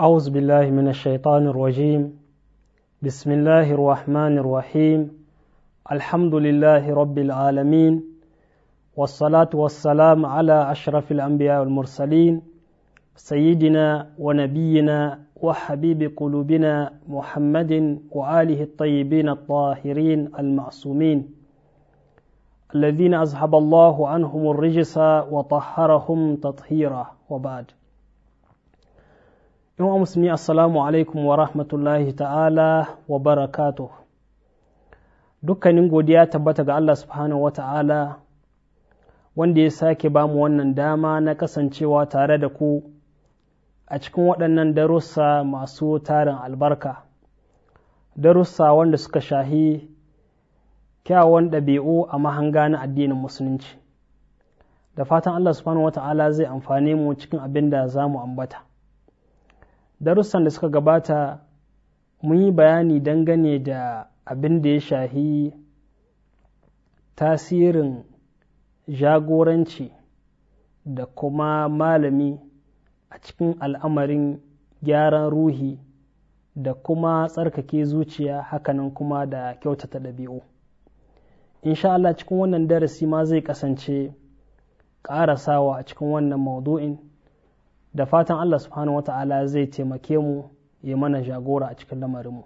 أعوذ بالله من الشيطان الرجيم بسم الله الرحمن الرحيم الحمد لله رب العالمين والصلاة والسلام على أشرف الأنبياء والمرسلين سيدنا ونبينا وحبيب قلوبنا محمد وآله الطيبين الطاهرين المعصومين الذين أذهب الله عنهم الرجس وطهرهم تطهيرا وبعد yan musulmi assalamu alaikum wa rahmatullahi ta'ala wa barakatu dukkanin godiya tabbata ga Allah subhanahu wa ta'ala wanda ya sake ba mu wannan dama na kasancewa tare da ku a cikin waɗannan darussa masu tarin albarka darussa wanda suka shahi kyawun ɗabi'u a mahanga na addinin musulunci da fatan Allah subhanahu wa ta'ala zai amfani mu cikin abin da za mu ambata darussan da suka gabata mun yi bayani dangane da abin da ya shahi tasirin jagoranci da kuma malami a cikin al'amarin gyaran ruhi da kuma tsarkake zuciya hakanan kuma da kyautata ɗabi'u insha Allah cikin wannan darasi ma zai kasance ƙarasawa a cikin wannan maudu'in da fatan Allah subhanahu wa ta'ala zai taimake mu ya mana jagora a cikin lamarinmu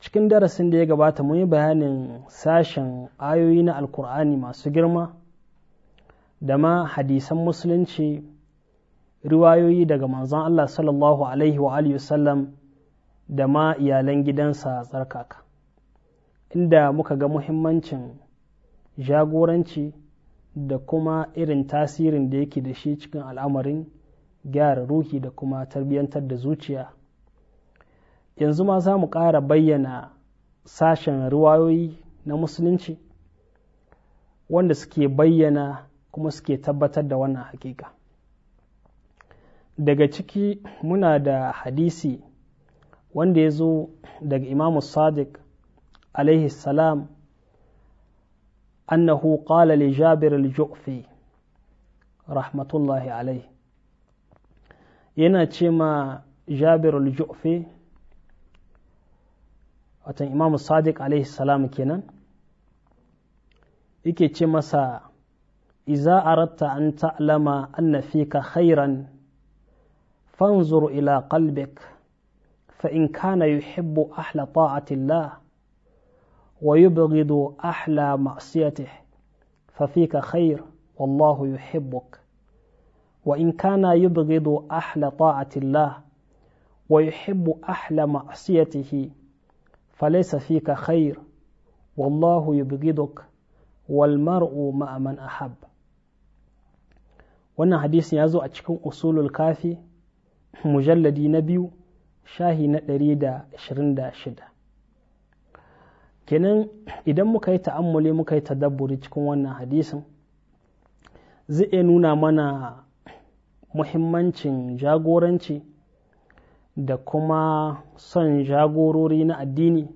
cikin darasin da ya gabata mun yi bayanin sashen ayoyi na alkur'ani masu girma da ma hadisan musulunci riwayoyi daga manzon Allah sallallahu alaihi wasallam da ma iyalan gidansa tsarkaka inda muka ga muhimmancin jagoranci da kuma irin tasirin da yake da shi cikin al'amarin gyara ruhi da kuma tarbiyyantar da zuciya yanzu ma za mu ƙara bayyana sashen ruwayoyi na musulunci wanda suke bayyana kuma suke tabbatar da wannan hakika daga ciki muna da hadisi wanda ya zo daga imamu sadiq alaihi salam أنه قال لجابر الجعفي رحمة الله عليه yana ce ma jabirul watan imamu sadiq alaihi salam kenan yake ce masa iza aratta an ta'lama anna fika khairan fanzur ila qalbik fa in kana yuhibbu ahla ta'atillah ويبغض أحلى معصيته ففيك خير والله يحبك وإن كان يبغض أحلى طاعة الله ويحب أحلى معصيته فليس فيك خير والله يبغضك والمرء مع من أحب wannan hadisin ya zo a cikin usulul kafi mujalladi na biyu shahi na 126 kenan idan muka yi ta'ammali muka yi tadabburi cikin wannan hadisin zai iya nuna mana muhimmancin jagoranci da kuma son jagorori na addini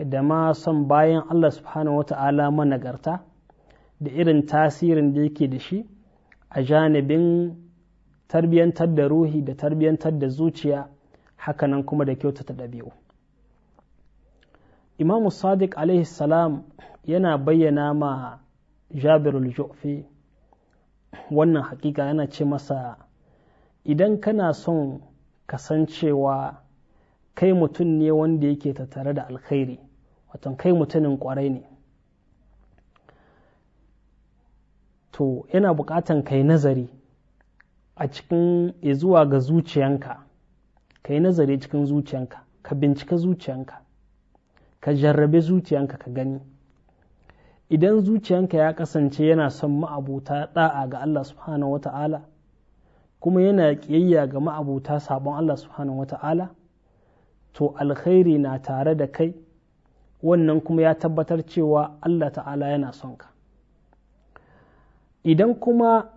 da ma son bayan Allah subhanahu wa ta'ala managarta da irin tasirin da yake da shi a janibin tarbiyyantar da ruhi da tarbiyyantar da zuciya hakanan kuma da kyautata ɗabi'u imamu sadiq alaihi salam yana bayyana ma jabirul jufi wannan hakika yana ce masa idan kana son kasancewa kai mutum ne wanda yake tattare da alkhairi wato kai mutumin kwarai ne to yana bukatan kai nazari a cikin zuwa ga zuciyanka kai nazari cikin zuciyanka ka bincika zuciyanka ka jarrabe zuciyanka ka gani idan zuciyanka ya kasance yana son ma'abuta da'a ga Allah subhanahu wata'ala kuma yana ƙiyayya ga ma'abuta sabon Allah subhanahu wata'ala to alkhairi na tare da kai wannan kuma ya tabbatar cewa Allah ta'ala yana son ka idan kuma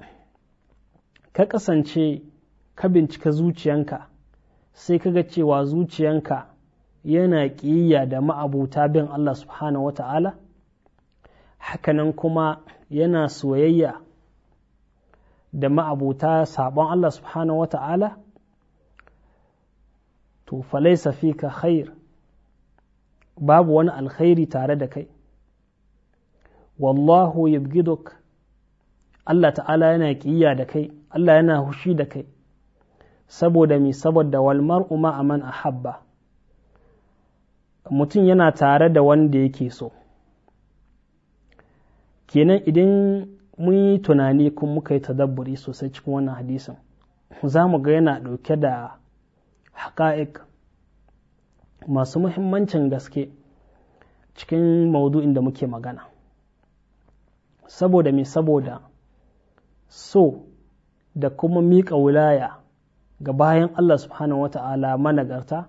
ka kasance ka bincika zuciyanka sai ka ga cewa zuciyanka yana ƙiyya da ma'abuta bin Allah subhanahu wata'ala hakanan kuma yana soyayya da ma'abuta sabon Allah subhanahu wata'ala to falaisa fika khair babu wani alkhairi tare da kai wallahu yabgiduk Allah ta'ala yana ƙiyya da kai Allah yana hushi da kai saboda mi saboda walmar umma a habba mutum yana tare da wanda yake so kenan idan mun yi tunani kun muka yi tadabburi sosai cikin wannan hadisin za mu ga yana ɗauke da haƙa'iƙ masu muhimmancin gaske cikin maudu'in da muke magana saboda me saboda so da kuma miƙa wilaya ga bayan Allah subhanahu wa ta'ala managarta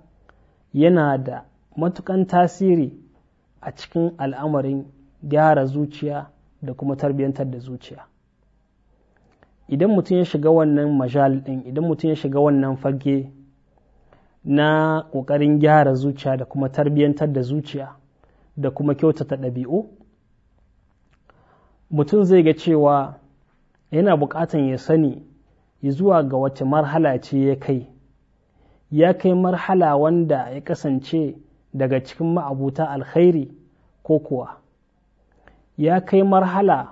yana da matukan tasiri a cikin al'amarin gyara zuciya da kuma tarbiyyantar da zuciya idan mutum ya shiga wannan majal din, idan mutum ya shiga wannan fage na ƙoƙarin gyara zuciya da kuma tarbiyyantar da zuciya da kuma kyautata ɗabi'u mutum zai ga cewa yana buƙatan ya sani ya zuwa ga wace marhala ce ya kai ya kai marhala wanda ya kasance daga cikin ma'abuta alkhairi ko kuwa ya kai marhala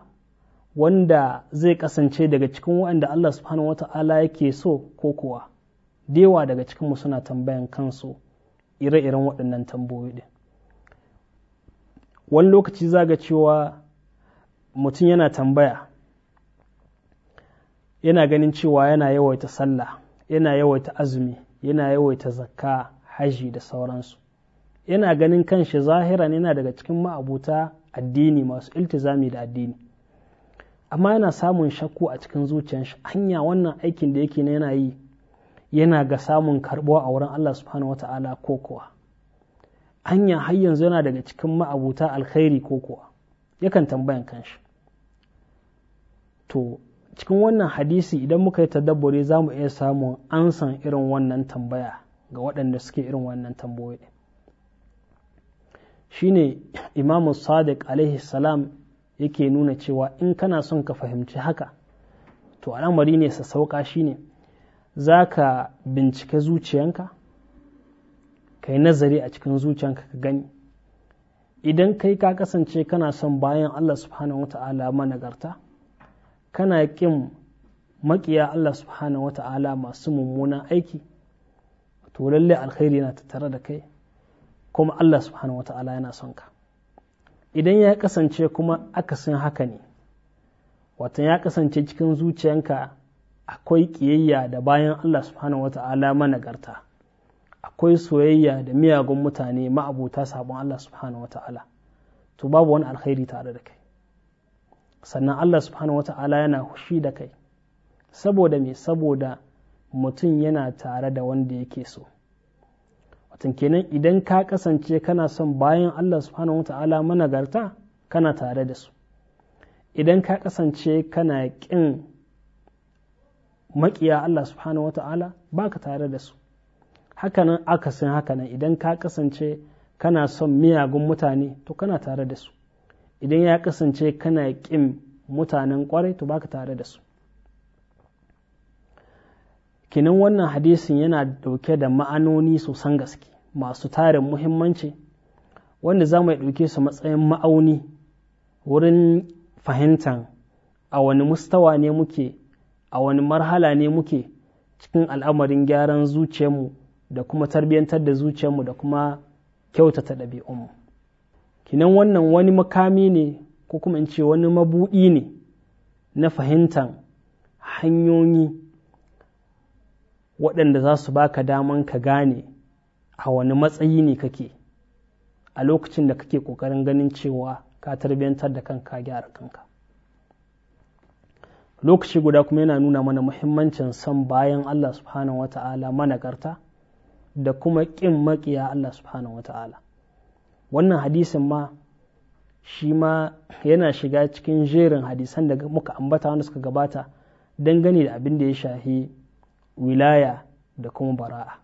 wanda zai kasance daga cikin waɗanda Allah subhanahu ta'ala yake so ko kuwa dewa daga cikinmu suna tambayan kansu ire-iren waɗannan tambayoyi ɗin wani lokaci zaga cewa mutum yana tambaya yana ganin cewa yana yawaita sallah yana yawaita azumi yana yawaita zakka haji da sauransu yana ganin kanshi zahiran yana daga cikin ma'abuta addini masu iltizami da addini amma yana samun shakku a cikin zuciyar shi hanya wannan aikin da yake yana yi yana ga samun karbuwa a wurin Allah subhanahu wata'ala ko kuwa hanya har yanzu yana daga cikin ma'abuta alkhairi ko kuwa yakan tambayan kanshi to cikin wannan hadisi idan muka yi tadabbure za mu iya samun ansan irin wannan tambaya ga waɗanda suke irin wannan tambayoyi shine imamu sadiq alaihi salam yake nuna cewa in kana son ka fahimci haka to al'amari ne sa sauka shine za ka bincike zuciyanka ka yi nazari a cikin zuciyanka ka gani idan kai ka kasance kana son bayan allah subhanahu ta'ala managarta kana ƙin maƙiya allah subhanahu ta'ala masu mummunan aiki to lallai alkhairi na tattare da kai kuma Allah subhanahu wa ta'ala yana son ka idan ya kasance kuma akasin haka ne watan ya kasance cikin zuciyanka akwai ƙiyayya da bayan Allah subhanahu wa ta'ala managarta akwai soyayya da miyagun mutane ma'abuta sabon Allah subhanahu wa ta'ala to babu wani alkhairi tare da kai sannan Allah subhanahu wa ta'ala yana hushi da kai saboda me saboda mutum yana tare da wanda yake so watan kenan idan ka kasance kana son bayan Allah subhanahu wa ta'ala managarta kana tare da su idan ka kasance kana ƙin maƙiya Allah subhanahu wa ta'ala ba ka tare da su hakanan akasin hakanan idan ka kasance kana son miyagun mutane to kana tare da su idan ya kasance kana ƙin mutanen kwarai to baka tare da su kinan wannan hadisin yana dauke da ma'anoni sosan gaske masu tarin muhimmanci wanda za mu ɗauke su matsayin ma'auni wurin fahimtan a wani mustawa ne muke a wani marhala ne muke cikin al'amarin gyaran zuciyarmu da kuma tarbiyyantar da zuciyarmu da kuma kyautata ɗabi'unmu kinan wannan wani makami ne ko kuma in ce wani mabuɗi ne na fahimtan hanyoyi waɗanda za su baka daman ka gane a wani matsayi ne kake a lokacin da kake ƙoƙarin ganin cewa ka tarbiyantar da kanka gyara kanka lokaci guda kuma yana nuna mana muhimmancin son bayan Allah subhanahu wa ta'ala managarta da kuma ƙin maƙiya Allah subhanahu wa wannan hadisin ma shi ma yana shiga cikin jerin hadisan da muka ambata wanda suka gabata dangane da abin da ya shahi wilaya da kuma bara'a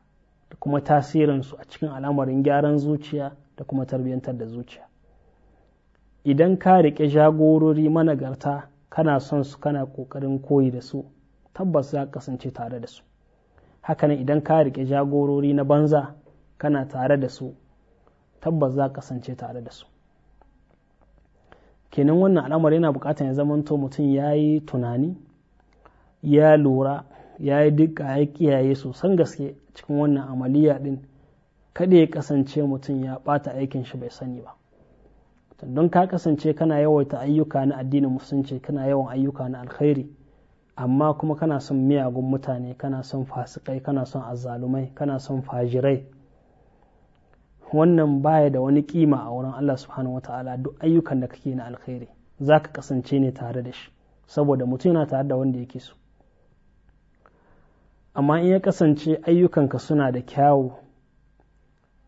da kuma tasirinsu a cikin al'amarin gyaran zuciya da kuma tarbiyyantar da zuciya idan ka riƙe jagorori managarta kana son su kana ƙoƙarin koyi da su tabbas za ka kasance tare da su hakanan idan ka riƙe jagorori na banza kana tare da su tabbas za kasance tare da su kenan wannan al'amari yana bukatar ya zamanto mutum ya yi tunani ya lura ya yi duka ya kiyaye sosan gaske cikin wannan amaliya din kada ya kasance mutum ya ɓata aikin shi bai sani ba don ka kasance kana yawaita ayyuka na addinin musulunci kana yawan ayyuka na alkhairi amma kuma kana son miyagun mutane kana son fasikai kana son azzalumai kana son fajirai wannan baya da wani kima a wurin Allah subhanahu wataala duk ayyukan da kake na alkhairi zaka kasance ne tare da shi saboda mutum yana tare da wanda yake so amma in ya kasance ayyukanka suna da kyawu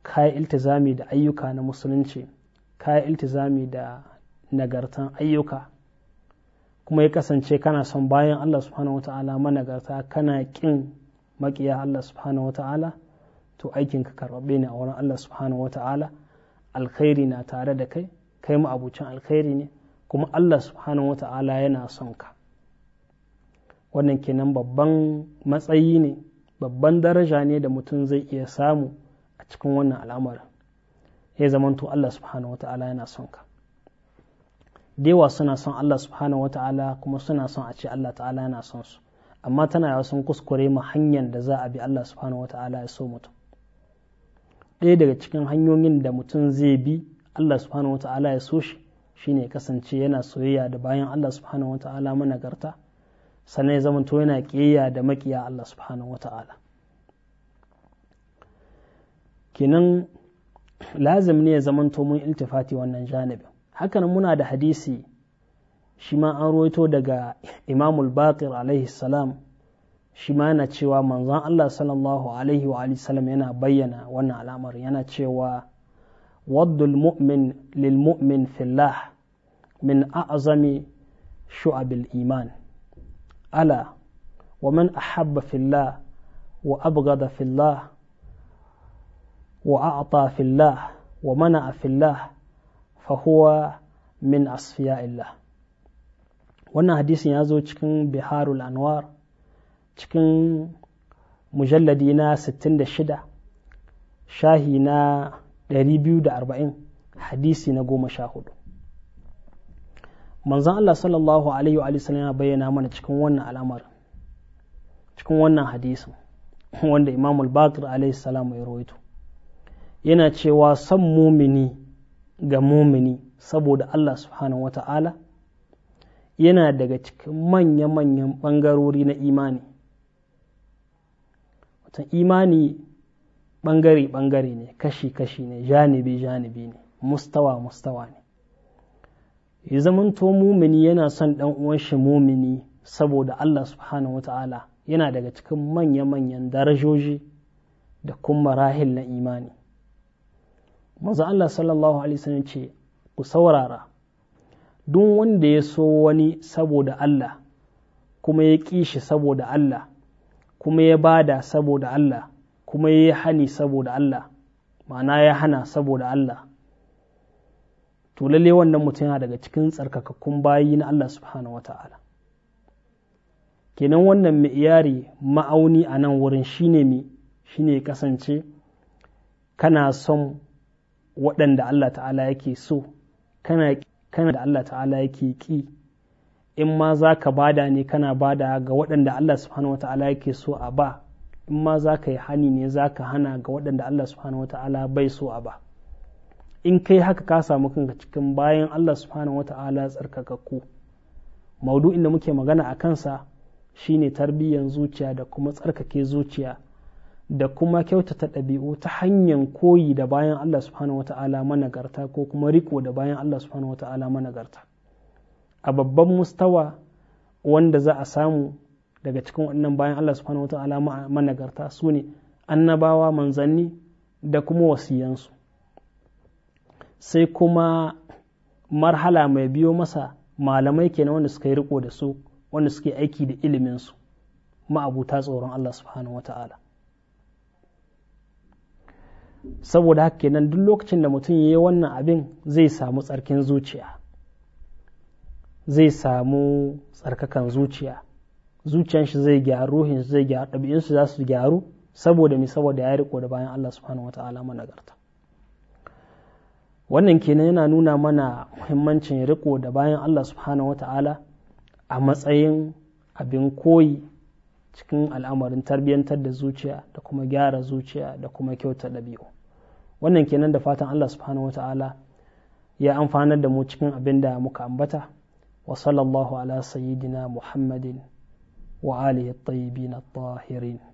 ka yi iltizami da ayyuka na musulunci ka yi iltizami da nagartan ayyuka kuma ya kasance kana son bayan Allah subhanahu wa ta'ala managarta kana kin makiya Allah subhanahu wa ta'ala to aikinka karbe ne a wurin Allah subhanahu wa ta'ala alkhairi na tare da kai kai ma abucin alkhairi ne kuma Allah subhanahu wa ta'ala yana son ka wannan kenan babban matsayi ne babban daraja ne da mutum zai iya samu a cikin wannan al'amarin ya zamanto Allah subhanahu wata'ala yana son ka dewa suna son Allah subhanahu wata'ala kuma suna son a ce Allah ta'ala yana son su amma tana yawa sun kuskure ma hanyar da za a bi Allah subhanahu wata'ala ya so mutum ɗaya daga cikin hanyoyin da mutum zai bi Allah subhanahu wata'ala ya so shi shine kasance yana soyayya da bayan Allah subhanahu wata'ala managarta sannan ya zamanto yana ƙiyayya da makiya Allah subhanahu wata'ala kinan lazim ne ya zamanto mun iltifati wannan janibin hakan muna da hadisi shi ma an ruwaito daga imamul baqir alaihi salam shi ma yana cewa manzon Allah sallallahu alaihi wa salam yana bayyana wannan al'amar yana cewa waddul mu'min lil mu'min fillah min a'zami shu'abil iman ألا ومن أحب في الله وأبغض في الله وأعطى في الله ومنع في الله فهو min asfiya'illah wannan hadisin ya zo cikin biharul anwar cikin mujalladi na 66 shahi na 240 hadisi na 14 manzon Allah sallallahu alaihi wa ya bayyana mana cikin wannan al'amar cikin wannan hadisin wanda Imam al-Baqir alaihi salam ya rawaito yana cewa san mumini ga mumini saboda Allah subhanahu wata'ala yana daga cikin manya-manyan ɓangarori na imani wata imani bangare-bangare ne kashi-kashi ne janibi-janibi ne mustawa-mustawa ne ya to mumini yana son ɗan uwan shi mumini saboda Allah subhanahu wata'ala yana daga cikin manya-manyan darajoji da kuma rahil na imani maza Allah sallallahu alaihi wasallam ce ku saurara duk wanda ya so wani saboda Allah kuma ya ƙi shi saboda Allah kuma ya bada saboda Allah kuma ya hani saboda Allah ma'ana ya hana saboda Allah to lalle wannan mutum yana daga cikin tsarkakakkun bayi na Allah subhanahu wata'ala kenan wannan mai ma'auni a nan wurin shine mi shine kasance kana son waɗanda Allah ta'ala yake so kana kana da Allah ta'ala yake ki in ma za ka bada ne kana bada ga waɗanda Allah subhanahu wata'ala yake so a ba in ma za ka yi hani ne za ka hana ga waɗanda Allah subhanahu wata'ala bai so a ba in kai haka ka samu kanka cikin bayan Allah subhanahu wata'ala ku maudu'in da muke magana a kansa shine tarbiyyar zuciya da kuma tsarkake zuciya da kuma kyautata ɗabi'u ta hanyar koyi da bayan Allah subhanahu wata'ala managarta ko kuma riko da bayan Allah subhanahu wata'ala managarta a babban mustawa wanda za a samu daga cikin wannan bayan Allah subhanahu wata'ala managarta su ne annabawa manzanni da kuma wasiyansu sai kuma marhala mai biyo masa malamai kenan wanda suka yi riko da su wanda suke aiki da iliminsu ma'abuta tsoron Allah subhanahu wa ta'ala saboda haka kenan duk lokacin da mutum ya yi wannan abin zai samu tsarkin zuciya zai samu tsarkakan zuciya zuciyan shi zai gyaru ruhin shi zai gyaru ɗabi'in su za su gyaru saboda mi saboda ya riko da bayan Allah subhanahu wa ta'ala managarta wannan kenan yana nuna mana muhimmancin riko da bayan Allah subhanahu wa ta'ala a matsayin abin koyi cikin al'amarin tarbiyyantar da zuciya da kuma gyara zuciya da kuma kyauta ɗabi'u wannan kenan da fatan Allah subhanahu wa ta'ala ya amfanar da mu cikin abin da muka ambata wa sallallahu ala sayyidina muhammadin wa alihi tayyibin tahirin